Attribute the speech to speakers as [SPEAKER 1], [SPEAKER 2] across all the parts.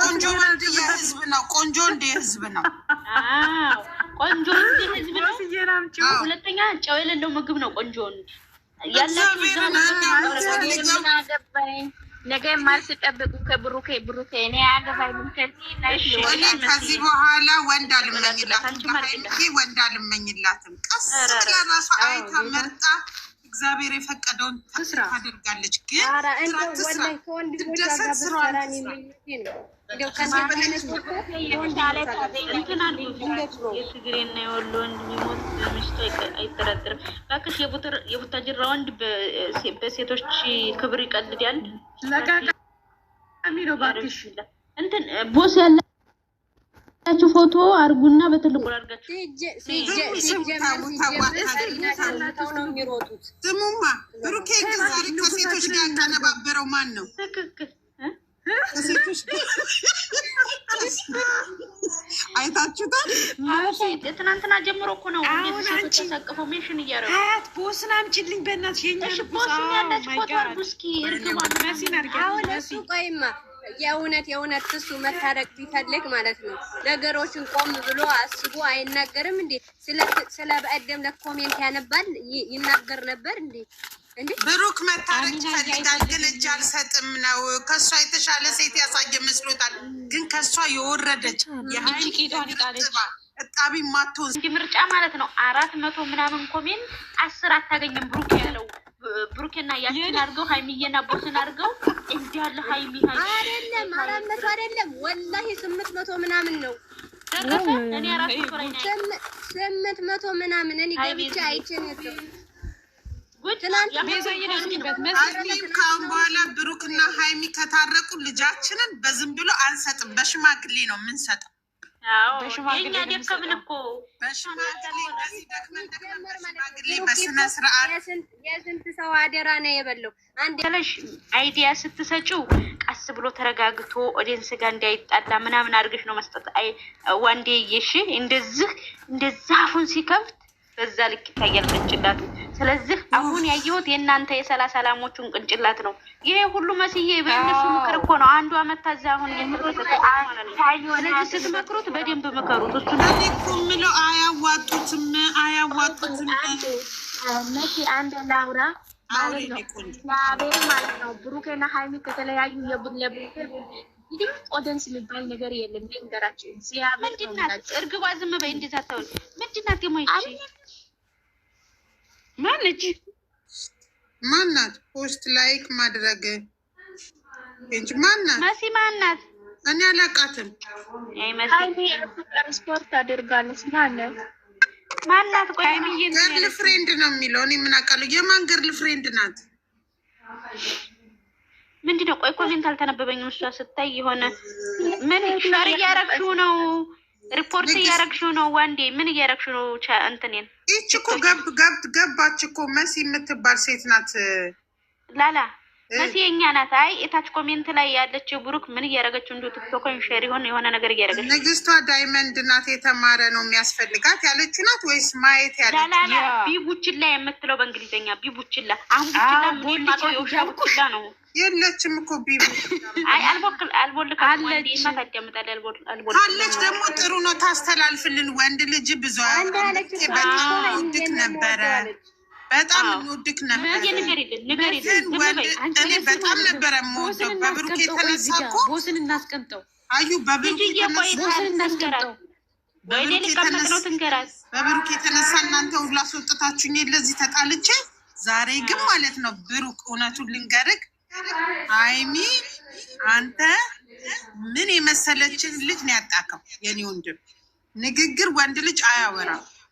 [SPEAKER 1] ቆንጆ ወንድ የህዝብ ነው። ቆንጆ እንደ የህዝብ ነው።
[SPEAKER 2] ቆንጆ እንደ ህዝብ ነው። ሁለተኛ ጨው የሌለው ምግብ ነው። ቆንጆ ወንድ ነገ ማርስ ጠብቁ። ከብሩኬ ብሩኬ እኔ አያገባኝም።
[SPEAKER 1] ከዚህ በኋላ ወንድ አልመኝላትም፣ ወንድ አልመኝላትም። ቀስ ለራሷ አይታ መርጣ እግዚአብሔር የፈቀደውን ታደርጋለች።
[SPEAKER 2] ግን ስራ ትስራ፣ ነው እንደው የትግሬና የወሎ ወንድ የሚሞት በምሽቱ አይጠረጥርም። እባክሽ የቡታጅራ ወንድ በሴቶች ክብር ይቀልዳል። እንትን ቦስ ያላችሁ ፎቶ አርጉና በትልቁ
[SPEAKER 1] አድርጋችሁ ስሙማ ብሩኬ ከሴቶች ጋር ያቀነባበረው ማን ነው? ትክክል አይታችሁታል።
[SPEAKER 2] ትናንትና ጀምሮ እኮ ነው ተሰቅፈው ሜሽን እያደረጉ አያት ቦስን አምጪልኝ በእናትሽ ያለች የእውነት የእውነት እሱ መታረቅ ቢፈልግ ማለት ነው ነገሮችን ቆም ብሎ አስቦ አይናገርም እንዴ? ስለ በቀደም ለኮሜንት ያነባል ይናገር ነበር እንዴ?
[SPEAKER 1] ብሩክ መታረቅ ይፈልጋል፣ ግን እጅ አልሰጥም ነው። ከእሷ የተሻለ ሴት ያሳየ መስሎታል፣ ግን ከእሷ የወረደች እጣቢ ማትሆን እንጂ
[SPEAKER 2] ምርጫ ማለት ነው። አራት መቶ ምናምን ኮሜንት አስር አታገኝም። ብሩክ ያለው ብሩክና ያችን አድርገው ሀይሚዬና ቦስን አድርገው እንዲያለ ሀይሚ አይደለም አራት መቶ አይደለም ወላሂ ስምንት መቶ ምናምን ነው ስምንት መቶ ምናምን እኔ ገብቼ አይቼ ነው
[SPEAKER 1] ከአሁን በኋላ ብሩክና ሀይሚ ከታረቁ ልጃችንን በዝም ብሎ አንሰጥም፣ በሽማግሌ ነው የምንሰጠው።
[SPEAKER 2] የስንት ሰው አደራ ነው የበለው። አንድ አይዲያ ስትሰጪው ቀስ ብሎ ተረጋግቶ ኦዲየንስ ጋር እንዳይጣላ ምናምን አድርገሽ ነው መስጠት። ዋንዴ የሺ እንደዚህ እንደዛ አፉን ሲከፍት በዛ ልክ ይታያል ቅንጭላቱ። ስለዚህ አሁን ያየሁት የእናንተ የሰላሳ ላሞቹን ቅንጭላት ነው። ይሄ ሁሉ መስዬ በእነሱ ምክር እኮ ነው። አንዱ አንዷ መታዛ አሁን ስለዚህ ስትመክሩት በደንብ ምከሩት።
[SPEAKER 1] እሱ ነው አያዋጡትም፣ አያዋጡትም።
[SPEAKER 2] መቼ አንድ ላውራ ማለት ነው ማለት ነው ብሩኬና ሀይሚ ከተለያዩ ለብሩኬ እንግዲህ ኦደንስ የሚባል ነገር የለም። ነገራችን ምንድናት? እርግቧ ዝም በይ። እንዴት አታውል ምንድናት? ደግሞ ማነች?
[SPEAKER 1] ማናት? ፖስት ላይክ ማድረግ እንጂ ማናት?
[SPEAKER 2] መሲ ማናት?
[SPEAKER 1] እኔ አላውቃትም።
[SPEAKER 2] ትራንስፖርት አድርጋለች ማለት ማናት? ቆይ
[SPEAKER 1] ገርል ፍሬንድ ነው የሚለው። እኔ ምን አውቃለሁ? የማን ገርል ፍሬንድ ናት?
[SPEAKER 2] ምንድነው? ቆይ ኮሜንት አልተነበበኝም። እሷ ስታይ የሆነ ምን ሸር እያደረግሽው ነው ሪፖርት እያረግሽው ነው ወንዴ? ምን እያረግሽው ነው? እንትኔን
[SPEAKER 1] ይህች እኮ ገብ ገብ ገባች እኮ መሲ የምትባል ሴት ናት
[SPEAKER 2] ላላ መሲ የኛ ናት። አይ የታች ኮሜንት ላይ ያለችው ብሩክ ምን እያደረገችው እንዲሁ ቲክቶክን ሼር ይሆን የሆነ ነገር እያደረገች
[SPEAKER 1] ንግስቷ ዳይመንድ ናት። የተማረ ነው የሚያስፈልጋት ያለች ናት ወይስ ማየት
[SPEAKER 2] ያለችው ቢቡችላ የምትለው በእንግሊዝኛ ቢቡችላ። አሁን ቡችላ ምን የማቀው የውሻ ቡችላ ነው።
[SPEAKER 1] የለችም እኮ ቢቡ።
[SPEAKER 2] አይ አልቦል አልቦል
[SPEAKER 1] ደግሞ ጥሩ ነው ታስተላልፍልን። ወንድ ልጅ ብዙ በጣም ውድቅ ነበረ በጣም የምወድቅ ነበር። እኔ በጣም ነበረ የምወደው
[SPEAKER 2] በብሩኬ የተነሳ እኮ ቦስን እናስቀምጠው።
[SPEAKER 1] አዩ በብሩኬ የተነሳ እናንተ ሁሉ አስወጥታችሁኝ ለዚህ ተጣልቼ፣ ዛሬ ግን ማለት ነው ብሩክ እውነቱን ልንገርህ አይሚ አንተ ምን የመሰለችን ልጅ ነው ያጣከው። የኔ ወንድም ንግግር ወንድ ልጅ አያወራም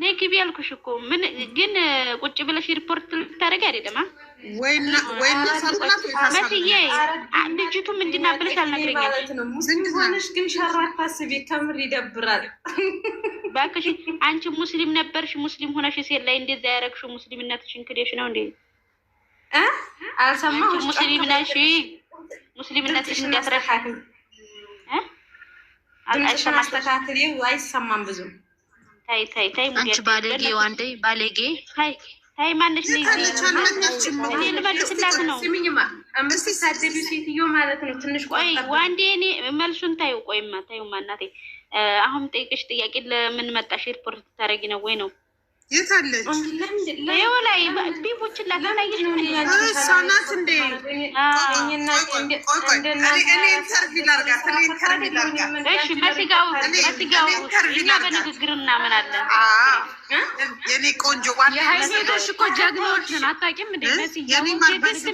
[SPEAKER 2] ነይ ግቢ ያልኩሽ እኮ ምን ግን ቁጭ ብለሽ ሪፖርት ልታደርጊ አይደለም።
[SPEAKER 1] ወይና ወይና
[SPEAKER 2] ሳልናት መስዬ ብለሽ
[SPEAKER 1] አልነግረኛል። ግን ሸራ አታስቢ፣ ከምር ይደብራል።
[SPEAKER 2] እባክሽ አንቺ ሙስሊም ነበርሽ፣ ሙስሊም ሆነሽ ሴት ላይ እንደዛ ያደረግሽው ሙስሊምነትሽን ክደሽ ነው እንዴ? አልሰማሁሽ። ሙስሊም ነሽ፣ ሙስሊምነትሽ
[SPEAKER 1] እንዲያስረሻ አልሰማሽ። ተካትሌ አይሰማም ብዙም
[SPEAKER 2] ታይ ታይ ታይ አንቺ ባለጌ ዋንዴ ባለጌ ታይ ታይ ማነሽ
[SPEAKER 1] ነው
[SPEAKER 2] እኔ ልመልስላት ነው አምስት ሳደቢ ሴትዮ ማለት ነው ትንሽ ቆይ ዋንዴ እኔ መልሱን ታዩ ቆይማ ታዩ ማናቴ አሁን ጠይቅሽ ጥያቄ ለምን መጣሽ ኤርፖርት ታደርጊ ነው ወይ ነው የት አለች? ላይ ቢቦችን
[SPEAKER 1] ላታላየች ነው ሳናት እንዴ ኢንተርቪው ላድርጋት።
[SPEAKER 2] እሺ፣ በስጋው በስጋው እኛ በንግግር እናምናለን። የኔ ቆንጆ ሀይሴቶች እኮ ጀግኖች
[SPEAKER 1] ነን። አታውቂም እንዴ? ወይስ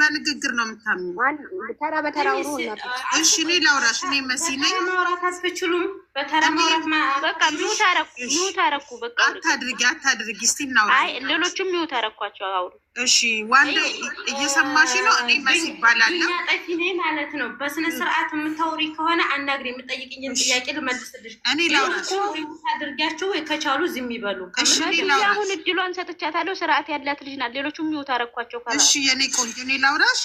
[SPEAKER 1] በንግግር ነው የምታምኚው? ተራ በተራ እሺ፣ እኔ ላውራሽ። እኔ መሲ
[SPEAKER 2] ነኝ። ማውራት አትችሉም። በተራ ማውራት በቃ ሚውት
[SPEAKER 1] በቃ አታድርጊ፣ አታድርጊ። እስኪ እናውራ።
[SPEAKER 2] አይ ሌሎቹም ሚውት አደረኳቸው። አውሩ።
[SPEAKER 1] እሺ፣ ዋንዳ እየሰማሽ ነው? እኔ መሲ
[SPEAKER 2] ይባላለሁ። ጠፊ ነኝ ማለት ነው። በስነ ስርዓት የምታውሪ ከሆነ አናግሪ። የምጠይቅኝን ጥያቄ
[SPEAKER 1] ልመልስልሽ። እኔ ላውራሽ
[SPEAKER 2] አድርጊያቸው ከች ካልቻሉ ዝም ይበሉ። አሁን እድሏን ሰጥቻታለሁ። ስርዓት ያላት ልጅ ናት። ሌሎቹም ይወት አረኳቸው።
[SPEAKER 1] እሺ የኔ ቆንጆ እኔ ላውራሽ።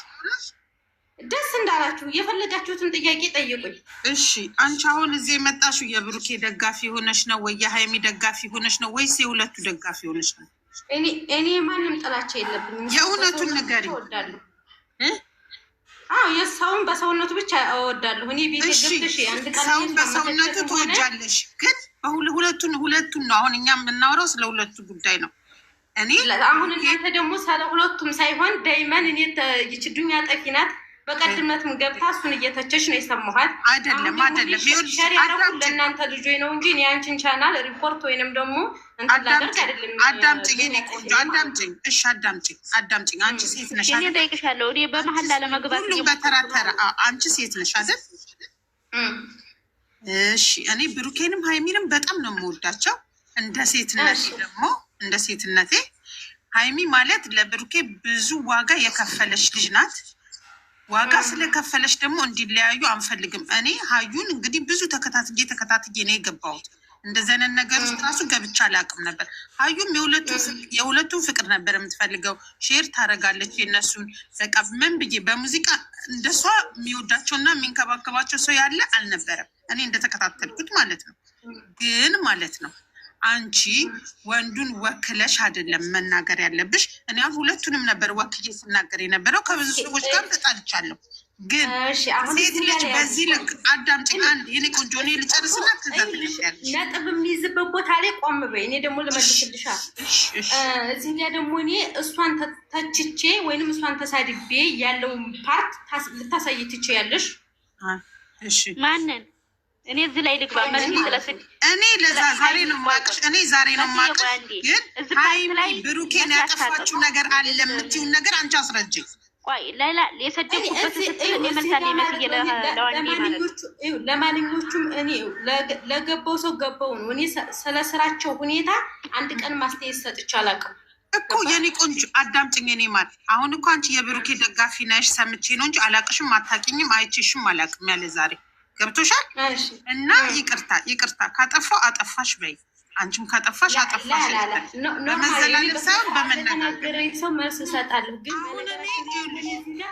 [SPEAKER 2] ደስ እንዳላችሁ የፈለጋችሁትን ጥያቄ ጠይቁኝ።
[SPEAKER 1] እሺ አንቺ አሁን እዚህ የመጣሽው የብሩኬ ደጋፊ ሆነሽ ነው ወይ የሀይሚ ደጋፊ ሆነሽ ነው ወይስ የሁለቱ ደጋፊ ሆነሽ ነው?
[SPEAKER 2] እኔ ማንም ጥላቻ
[SPEAKER 1] የለብኝ። የእውነቱን ንገሪ።
[SPEAKER 2] አዎ የሰውን በሰውነቱ ብቻ እወዳለሁ። እኔ ቤት ገብተሽ አንድ ቀን ሰውን በሰውነቱ ትወጃለሽ
[SPEAKER 1] ግን ሁለቱን ሁለቱን ነው አሁን እኛ የምናወራው ስለ ሁለቱ ጉዳይ ነው። እኔ
[SPEAKER 2] አሁን እናንተ ደግሞ ስለ ሁለቱም ሳይሆን ዳይመን እኔ ይችዱኛ ጠፊ ናት። በቀድመትም ገብታ እሱን እየተቸች ነው የሰማኋት።
[SPEAKER 1] አይደለም አይደለም
[SPEAKER 2] ሸር ያደረኩ ለእናንተ ልጆች ነው እንጂ የአንችን ቻናል ሪፖርት ወይንም ደግሞ
[SPEAKER 1] እንትላደርግ አይደለም። አዳምጭኝ እኔ ቆንጆ አዳምጭኝ፣ እሺ አዳምጭኝ፣ አዳምጭኝ።
[SPEAKER 2] አንቺ ሴት ነሽ አይደል? እጠይቅሻለሁ እኔ በመሀል ላለመግባት
[SPEAKER 1] ሁሉም በተራ ተራ። አንቺ ሴት ነሽ አይደል? እሺ እኔ ብሩኬንም ሀይሚንም በጣም ነው የምወዳቸው። እንደ ሴትነቴ ደግሞ እንደ ሴትነቴ ሀይሚ ማለት ለብሩኬ ብዙ ዋጋ የከፈለች ልጅ ናት። ዋጋ ስለከፈለች ደግሞ እንዲለያዩ አንፈልግም። እኔ ሀዩን እንግዲህ ብዙ ተከታትዬ ተከታትዬ ነው የገባሁት እንደዚህ አይነት ነገር ውስጥ ራሱ ገብቻ አላውቅም ነበር። አዩም የሁለቱን ፍቅር ነበር የምትፈልገው። ሼር ታደርጋለች የእነሱን በቃ ምን ብዬ በሙዚቃ እንደሷ የሚወዳቸውና የሚንከባከባቸው ሰው ያለ አልነበረም፣ እኔ እንደተከታተልኩት ማለት ነው። ግን ማለት ነው አንቺ ወንዱን ወክለሽ አይደለም መናገር ያለብሽ። እኔ ሁለቱንም ነበር ወክዬ ስናገር የነበረው። ከብዙ ሰዎች ጋር ተጣልቻለሁ ግን ሴት ልጅ በዚህ ልክ አዳምጪ። አንድ የኔ ቆንጆ እኔ ልጨርስና
[SPEAKER 2] ነጥብ የሚይዝበት ቦታ ላይ ቆም በይ። እኔ ደግሞ ልመልስልሻ። እዚህ ደግሞ እኔ እሷን ተችቼ ወይንም እሷን ተሳድቤ ያለውን ፓርት ልታሳይ ትቼ ያለሽ ማንን? እኔ እዚህ ላይ ልግባ።
[SPEAKER 1] እኔ ለዛ ዛሬ ነው የማውቅሽ፣ እኔ ዛሬ ነው የማውቅሽ። ግን ብሩኬን ያጠፋችው ነገር አለ የምትይውን ነገር አንቺ አስረጅኝ
[SPEAKER 2] ቆይ ሌላ የሰደብኩበት ለማንኞቹም እኔ ለገባው ሰው ገባው ነው። እኔ ስለ ስራቸው ሁኔታ አንድ ቀን ማስተያየት ሰጥቼ አላውቅም
[SPEAKER 1] እኮ የኔ ቆንጆ አዳምጪኝ። እኔ ማለት አሁን እኮ አንቺ የብሩኬ ደጋፊ ነሽ ሰምቼ ነው እንጂ አላቅሽም፣ አይቼሽም ያለ ዛሬ ገብቶሻል። እና ይቅርታ ይቅርታ ካጠፋው አጠፋሽ በይ አንቺም ካጠፋሽ አጠፋሽ በመዘላለፍ ሳይሆን
[SPEAKER 2] በመናገር ሰው መልስ እሰጣለሁ። ግን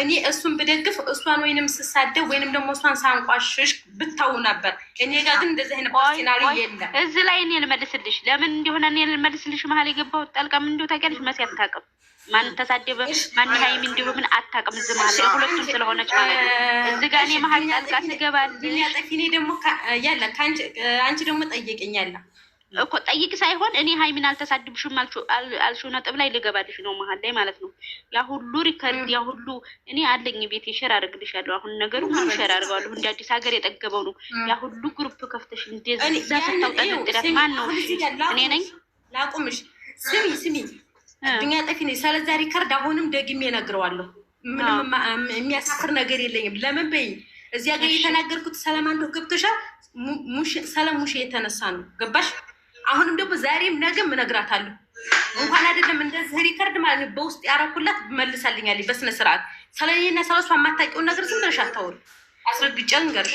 [SPEAKER 2] እኔ እሱን ብደግፍ እሷን ወይንም ስሳደብ ወይንም ደግሞ እሷን ሳንቋሽሽ ብታው ነበር እኔ ጋር ግን እንደዚህ አይነት ሲናሪ የለም። እዚህ ላይ እኔ ልመልስልሽ፣ ለምን እንደሆነ እኔ ልመልስልሽ። መሀል የገባው ጠልቀም እንዲሁ ታውቂያለሽ፣ መሲ አታውቅም። ማን ተሳደበ ማን ሀይሚ እንዲሁ ምን አታውቅም። እዚህ መሀል ሁለቱም ስለሆነች እዚህ ጋር እኔ መሀል ጣልቃ ስገባ ያለ አንቺ ደግሞ ጠይቅኛለሁ እኮ ጠይቅ ሳይሆን እኔ ሀይሚን አልተሳድብሽም አልሽው ነጥብ ላይ ልገባልሽ ነው መሀል ላይ ማለት ነው። ያ ሁሉ ሪከርድ ያ ሁሉ እኔ አለኝ ቤት የሸር ሸር ያለው አሁን ነገሩ ሁሉ ሸር አድርገዋለሁ። እንደ አዲስ ሀገር የጠገበው ነው ያ ሁሉ ግሩፕ ከፍተሽ እንደዛ ስታውጠነጥዳት ማን ነው? እኔ ነኝ። ላቁምሽ። ስሚ ስሚ፣ ድኛ ጠፊ ነኝ። ስለዛ ሪከርድ አሁንም ደግሜ እነግረዋለሁ። ምንም የሚያሳፍር ነገር የለኝም። ለምን በይ እዚያ ጋር የተናገርኩት ሰላም አንዱ ገብቶሻል። ሰላም ሙሽ የተነሳ ነው ገባሽ? አሁንም ደግሞ ዛሬም ነገም እነግራታለሁ። እንኳን አይደለም እንደዚህ ሪከርድ ማለት በውስጥ ያረኩላት መልሳልኛል በስነ ስርዓት። ስለኔና ስለ እሷ የማታውቂውን ነገር ዝም ብለሽ አታወሪ፣ አስረግጬ ልንገርሽ።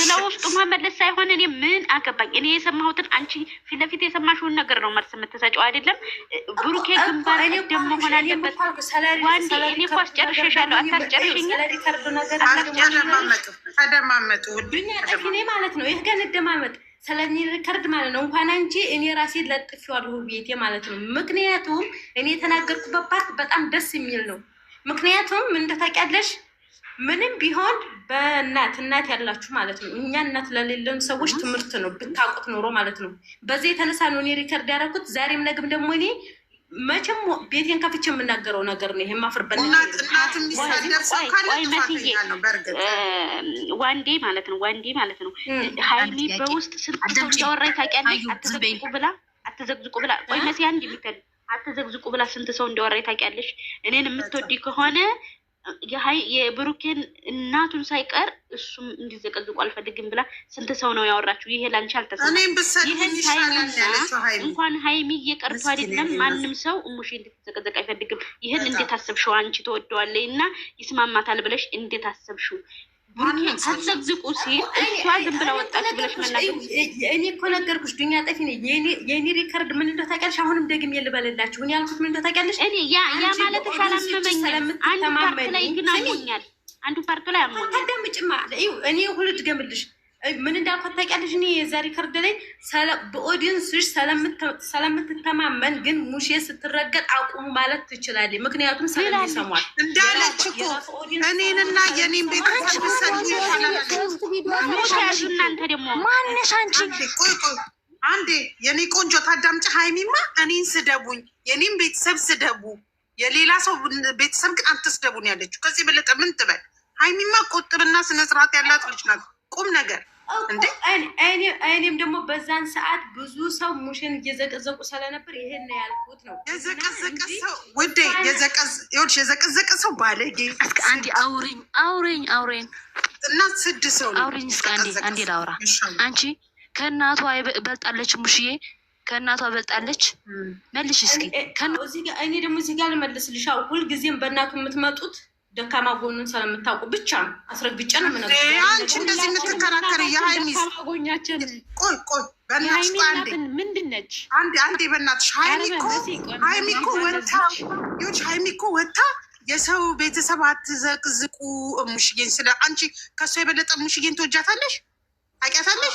[SPEAKER 2] ስለ ውስጡ መመለስ ሳይሆን እኔ ምን አገባኝ? እኔ የሰማሁትን አንቺ ፊት ለፊት የሰማሽውን ነገር ነው መልስ የምትሰጪው አይደለም? ብሩኬ ግንባር ደግሞ መሆን አለበት። ዋንዴ እኔ እኮ አስጨርሸሻለሁ።
[SPEAKER 1] አታስጨርሽኝ። ተደማመጡ
[SPEAKER 2] ማለት ነው። ይህ ገን ደማመጥ ስለኔ ሪከርድ ማለት ነው። እንኳን አንቺ እኔ ራሴ ለጥፌዋለሁ ቤቴ ማለት ነው። ምክንያቱም እኔ የተናገርኩበት ፓርት በጣም ደስ የሚል ነው። ምክንያቱም ምን ታውቂያለሽ፣ ምንም ቢሆን በእናት እናት ያላችሁ ማለት ነው። እኛ እናት ለሌለን ሰዎች ትምህርት ነው ብታውቁት ኖሮ ማለት ነው። በዚህ የተነሳ ነው እኔ ሪከርድ ያደረኩት ዛሬም ነግም ደግሞ እኔ መቼም ቤቴን ከፍቼ የምናገረው ነገር ነው። ይሄ አፍርበት መትዬ ዋንዴ ማለት ነው ዋንዴ ማለት ነው። ሀይሚ በውስጥ ስንት ሰው እንዳወራኝ ታውቂያለሽ? አትዘግዝቁ ብላ አትዘግዝቁ ብላ ወይ መሲ አንድ የሚተል አትዘግዝቁ ብላ ስንት ሰው እንዳወራኝ ታውቂያለሽ? እኔን የምትወዲ ከሆነ የብሩኬን እናቱን ሳይቀር እሱም እንዲዘቀዝቁ አልፈልግም ብላ ስንት ሰው ነው ያወራችሁ? ይሄ ላንቺ አልተሰማም። እንኳን ሀይሚ እየቀርቶ አይደለም ማንም ሰው እሙሽ እንድትዘቀዘቅ አይፈልግም። ይህን እንዴት አሰብሽው? አንቺ ተወደዋለይ እና ይስማማታል ብለሽ እንዴት አሰብሽው? አትዘግዝቁ ሲል እኔ እኮ ነገርኩሽ፣ ዱኛ ጠፊ ነኝ። የእኔ ሪከርድ ምን እንደው ታውቂያለሽ? አሁንም ደግሜ ልበልላችሁ፣ እኔ ያልኩት ምን እንደው ታውቂያለሽ? እኔ ያ ያ ማለት አላመመኝም። አንዱ ፓርቱ ላይ ግን አሞኛል። አንዱ ፓርቱ ላይ አሞኛል። ታዳምጪማ እኔ ሁሉ ድገምልሽ ምን እንዳልኳት ታውቂያለሽ? እኔ የዛሬ ከርድ ላይ በኦዲየንስሽ ስለምትተማመን ግን ሙሼ ስትረገጥ አቁሙ ማለት ትችላለች። ምክንያቱም
[SPEAKER 1] ስለሚሰሟል እንዳለች እኮ እኔንና የኔን
[SPEAKER 2] ቤተሰብ እናንተ ደግሞ
[SPEAKER 1] ማነሽ አንቺ? አንዴ የኔ ቆንጆ ታዳምጭ። ሀይሚማ እኔን ስደቡኝ፣ የኔን ቤተሰብ ስደቡ፣ የሌላ ሰው ቤተሰብ ግን አትስደቡን ያለችው ከዚህ በለጠ ምን ትበል? ሀይሚማ ቁጥብና ስነስርዓት ያላት ልጅ ናት። ቁም ነገር
[SPEAKER 2] እኔም ደግሞ በዛን ሰዓት ብዙ ሰው ሙሽን እየዘቀዘቁ ስለነበር ይህን ያልኩት ነው።
[SPEAKER 1] የዘቀዘቀ ሰው ውዴ፣ የዘቀዘቀ ሰው ባለጌ።
[SPEAKER 2] እስከ አንዴ አውሪኝ አውሪኝ አውሪኝ እና ስድ ሰው አውሪኝ። እስከ አንዴ አንዴ ላውራ። አንቺ ከእናቷ በልጣለች፣ ሙሽዬ ከእናቷ በልጣለች። መልሽ እስኪ። እኔ ደግሞ እዚህ ጋር ልመልስልሻ። ሁልጊዜም በእናቱ የምትመጡት ደካማ ጎኑን ስለምታውቁ ብቻ ነው አስረግጬ ነው
[SPEAKER 1] የምነግርሽ። አንቺ እንደዚህ የምትከራከር የሀይሚ ቆይ ቆይ
[SPEAKER 2] በእናትሽ ምንድን ነች?
[SPEAKER 1] አንዴ አንዴ በእናትሽ ሀይሚ እኮ ወታ ሀይሚ እኮ ወታ የሰው ቤተሰብ አትዘቅዝቁ። እሙሽዬን ስለ አንቺ ከእሷ የበለጠ እሙሽዬን ትወጃታለሽ፣ ታውቂያታለሽ።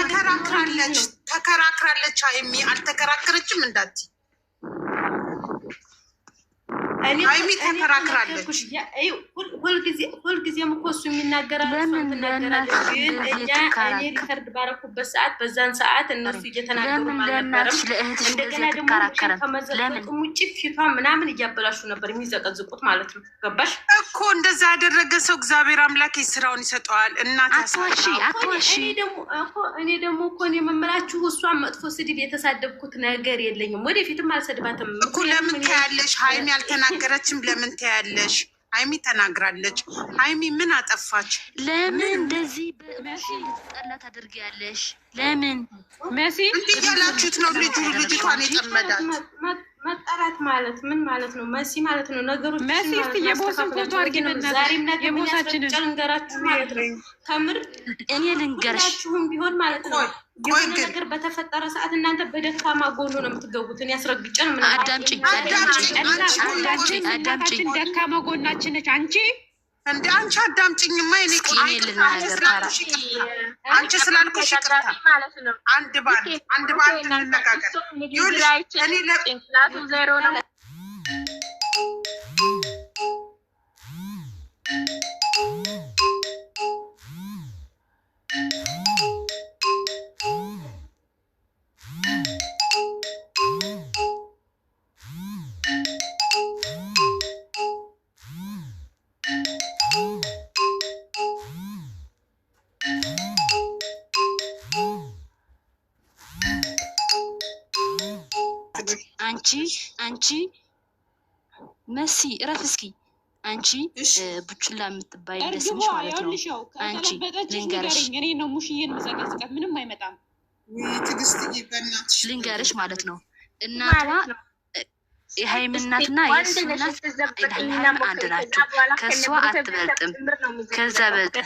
[SPEAKER 1] ተከራክራለች ተከራክራለች። ሀይሚ አልተከራከረችም እንዳትይ አይሚ ተከራክራለች።
[SPEAKER 2] ሁልጊዜም እኮ እሱ የሚናገራል እኔ ሪከርድ ባረኩበት ሰዓት በዛን ሰዓት እነሱ እየተናገሩ አልነበረም። እንደገና ደግሞ ከመዘቀጥም ውጭ ፊቷ ምናምን እያበላሹ ነበር የሚዘቀዝቁት
[SPEAKER 1] ማለት ነው። ገባሽ እኮ እንደዛ ያደረገ ሰው እግዚአብሔር አምላክ ስራውን ይሰጠዋል።
[SPEAKER 2] ደግሞ እኮ እኔ እሷን መጥፎ ስድብ የተሳደብኩት ነገር የለኝም፣
[SPEAKER 1] ወደፊትም አልሰድባትም እኮ ለምን ታያለሽ ሀይሚ አልተናገረችም። ለምን ታያለሽ? ሀይሚ ተናግራለች። ሀይሚ ምን አጠፋች?
[SPEAKER 2] ለምን እንደዚህ መሲ ጠላ ታደርጊያለሽ? ለምን
[SPEAKER 1] መሲ እንዲህ ያላችሁት ነው? ልጁ ልጅቷን የጠመዳት
[SPEAKER 2] መጠራት ማለት ምን ማለት ነው? መሲ ማለት ነው ነገሮች መሲ ስ የቦስን ፎቶ አድርጊ ዛሬም ነገ የቦሳችንን ልንገራችሁ ማለት ነው። ከምር እኔ ልንገርሽ ሁላችሁም ቢሆን ማለት ነው የሆነ ነገር በተፈጠረ ሰዓት እናንተ በደካማ ጎኑ ነው የምትገቡት። እኔ ነው ምን አዳምጪኝ፣ አዳምጪኝ፣ አዳምጪኝ። ደካማ ጎናችን ነች አንቺ
[SPEAKER 1] እንደ አንቺ አዳምጪኝማ። እኔ አንቺ ስላልኩሽ ይቅርታ። አንድ ባንድ አንድ ባንድ
[SPEAKER 2] እንነጋገር። እኔ ዜሮ ነው እረፍት አንቺ አንቺ መሲ እረፍ እስኪ አንቺ ቡችላ የምትባይ ደስምሽ ማለት ነው። አንቺ ልንገርሽ ምንም አይመጣም።
[SPEAKER 1] ልንገርሽ ማለት ነው
[SPEAKER 2] እናቷ የሀይም እናትና የእሱ አንድ ናቸው። ከእሷ አትበልጥም። ከዛ በልጥ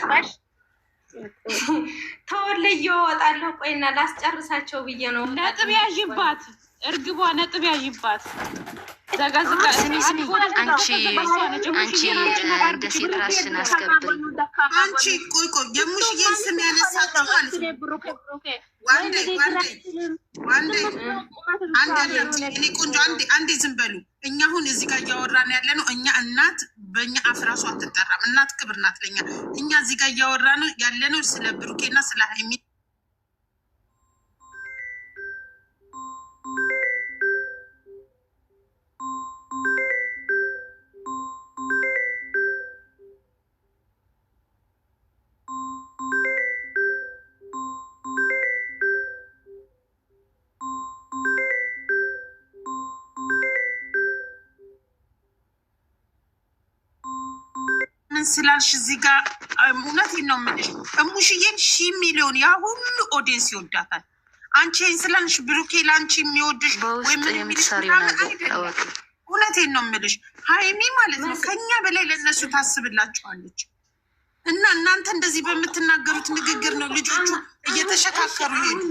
[SPEAKER 2] ተወለየ እወጣለሁ። ቆይና ላስጨርሳቸው ብዬ ነው ነጥብ ያዥባት እርግቧ ነጥብ ያይባት። ደሴት ራስሽን
[SPEAKER 1] አስከብሪ። አንቺ ቆይ ቆይ የሙሽዬን ስም እኛ አሁን እዚህ ጋር እያወራን ያለ ነው። እኛ እናት በእኛ አፍ ራሱ አትጠራም። እናት ክብር ናት ለኛ። እኛ እዚህ ጋር እያወራን ያለ ነው ስለ ብሩኬና ስለ ሀይሚ ስላልሽ እዚህ ጋር እውነት ነው የምልሽ፣ እሙሽዬን ሺ ሚሊዮን ያ ሁሉ ኦዲየንስ ይወዳታል። አንቺ ይህን ስላልሽ ብሩኬ ለአንቺ የሚወድሽ ወይም እውነቴን ነው የምልሽ ሀይሚ ማለት ነው ከኛ በላይ ለእነሱ ታስብላቸዋለች እና እናንተ እንደዚህ በምትናገሩት ንግግር ነው ልጆቹ እየተሸካከሩ
[SPEAKER 2] ሄዱ።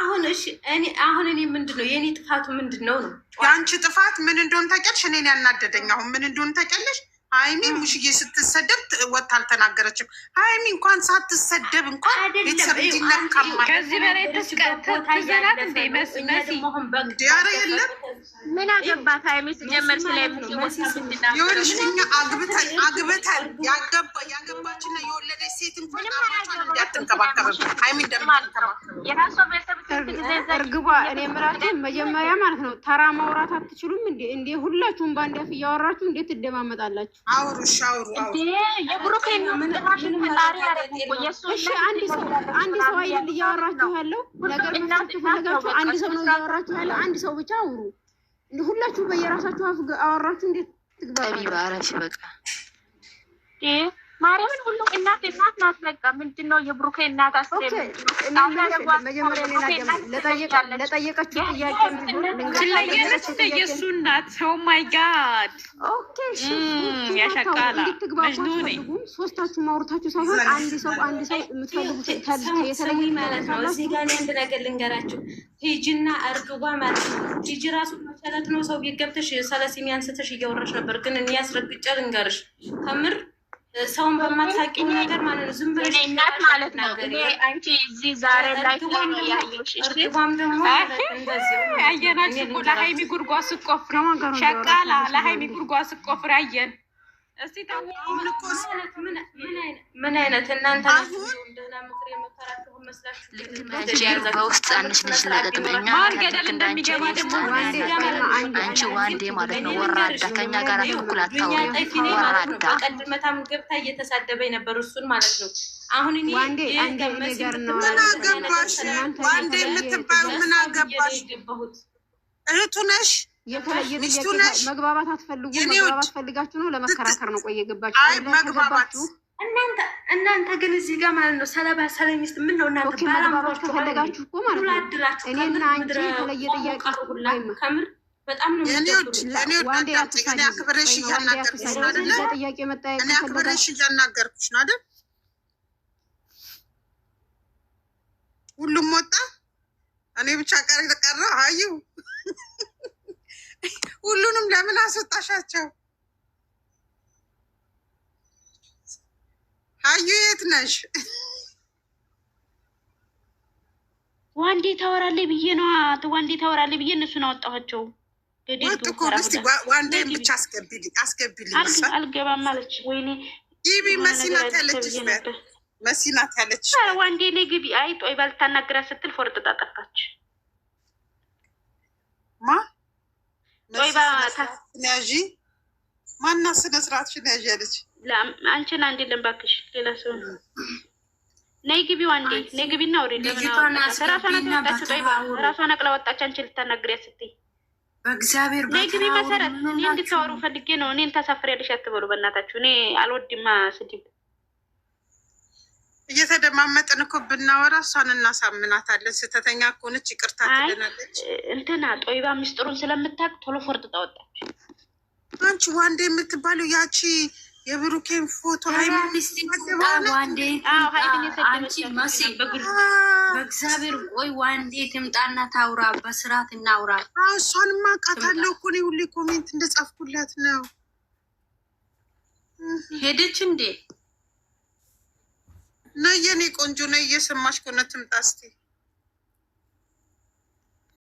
[SPEAKER 2] አሁን እሺ፣ እኔ አሁን እኔ ምንድን ነው የእኔ ጥፋቱ ምንድን ነው ነው
[SPEAKER 1] የአንቺ ጥፋት ምን እንደሆነ ታውቂያለሽ። እኔን ያናደደኝ አሁን ምን እንደሆነ ታውቂያለሽ ሀይሚ ሙሽዬ ስትሰደብ ወታ አልተናገረችም። ሀይሚ እንኳን ሳትሰደብ እንኳን ቤተሰብ
[SPEAKER 2] እንዲነካማከዚህ በላይ ትዘላት እንደ
[SPEAKER 1] መሲያረ የለም
[SPEAKER 2] ምን አገባት ሀይሚ
[SPEAKER 1] ስጀመር ስለሆንሽ አግብተን አግብተን ያገባችና የወለደች ሴት እንኳን እንዳትንከባከብ ሀይሚ
[SPEAKER 2] እርግቧ እኔ የምላችሁ መጀመሪያ ማለት ነው ተራ ማውራት አትችሉም እንዴ? ሁላችሁም በአንድ አፍ እያወራችሁ እንዴት ትደማመጣላችሁ?
[SPEAKER 1] አውሩ ሻውሩ
[SPEAKER 2] አውሩ አውሩ። የብሩኬን ምን ፈጣሪ ያደረጉ የእሱ እሺ። አንድ ሰው አንድ ሰው አይደል እያወራችሁ ያለው ነገር መፍታት ከፈለጋችሁ አንድ ሰው ነው እያወራችሁ ያለው። አንድ ሰው ብቻ አውሩ። ሁላችሁ በየራሳችሁ አወራችሁ። እንዴት ትግባቢ ባረሽ በቃ ማርያምን ሁሉም እናት እናት ናት። በቃ ምንድን ነው የብሩኬ እናት ለጠየቀችው ጥያቄ ስለየነስተ የእሱ እናት ኦ ማይ ጋድ ያሸቃላ ሶስታችሁ ማውረታችሁ ሳይሆን አንድ ሰው አንድ ሰው የምትፈልጉት ማለት ነው። እዚህ ጋር አንድ ነገር ልንገራችሁ። ሂጂና እርግቧ ማለት ነው። ሂጂ ራሱ መሰረት ነው። ሰው ቢገብተሽ ሰለሲሚያን ስትሽ እያወራሽ ነበር፣ ግን እኔ ያስረግጫ ልንገርሽ ከምር ሰውን በማታውቂኝ ነገር ማለት ነው። ዝም ብለሽ እናት ማለት ነው። አንቺ እዚህ ዛሬ ላይ እርግቧም ደግሞ አየናችሁ። ለሀይሚ ጉድጓድ ስቆፍር ሸቃላ ለሀይሚ ጉድጓድ ስቆፍር አየን። እስቲ ምን አይነት እናንተ ውስጥ አንች ልጅ ለገጥመኛ አንቺ ዋንዴ ማለት ነው። ወራዳ ከኛ ጋር ትኩል አታውሪ። ወራዳ ቀድመታም ገብታ እየተሳደበ ነበር እሱን ማለት ነው። አሁን እኔ
[SPEAKER 1] ምን አገባሽ? ዋንዴ የምትባዩ ምን አገባሽ? እህቱ ነሽ
[SPEAKER 2] የተለየ መግባባት አትፈልጉ። መግባባት ፈልጋችሁ ነው ለመከራከር ነው። ቆይ የገባችሁ እናንተ እናንተ ግን እዚህ ጋር ማለት ነው ሰለባ ሰለሚስት ምን ነው እናንተ መግባባት ከፈለጋችሁ እኮ ማለት ነው እኔና አንቺ የተለየ ጥያቄ ከምር
[SPEAKER 1] ሁሉም ወጣ እኔ ብቻ ቀር ተቀረ አዩ ሁሉንም ለምን አስወጣሻቸው? አዩ የት ነሽ?
[SPEAKER 2] ዋንዴ ታወራለህ ብዬ ነው ዋንዴ ታወራለህ ብዬ እነሱን አወጣኋቸው።
[SPEAKER 1] ዋንዴ ብቻ አስገቢልኝ
[SPEAKER 2] አስገቢልኝ። አልገባም አለች። ወይኔ
[SPEAKER 1] ግቢ መሲናት ያለችሽ መሲናት ያለችሽ
[SPEAKER 2] ዋንዴ እኔ ግቢ አይ ጦይ ባልታናግራት ስትል ፎርጥጣ ጠፋች።
[SPEAKER 1] ማ ነዚ ማና ስነ ስርዓትሽን ያዥ ያለች
[SPEAKER 2] አንቺን አንድ የለም እባክሽ፣ ሌላ ሰው ነይ ግቢው አንዴ ነይ ግቢና ወሬ ራሷን አቅላ ወጣች። አንቺ ልታናግሪያት ስትይ በእግዚአብሔር ግቢ መሰረት እኔ እንድታወሩ ፈልጌ ነው። እኔን ታሳፍሪያለሽ አትበሉ በእናታችሁ። እኔ አልወድማ ስድብ
[SPEAKER 1] እየተደማመጥን እኮ ብናወራ እሷን እናሳምናታለን። ስህተተኛ ከሆነች ይቅርታ
[SPEAKER 2] ትልናለች። እንትና ጦይባ ሚስጥሩን ስለምታቅ ቶሎ ፎርጥ ታወጣች።
[SPEAKER 1] አንቺ ዋንዴ የምትባሉ ያቺ የብሩኬን
[SPEAKER 2] ፎቶ በእግዚአብሔር ቆይ፣ ዋንዴ ትምጣና ታውራ፣ በስርዓት እናውራ።
[SPEAKER 1] እሷን ማቃታለው እኮ እኔ ሁሌ ኮሜንት እንደጻፍኩላት ነው። ሄደች እንዴ ነየኔ ቆንጆ ነየ የሰማሽ ከሆነ ትምጣ እስኪ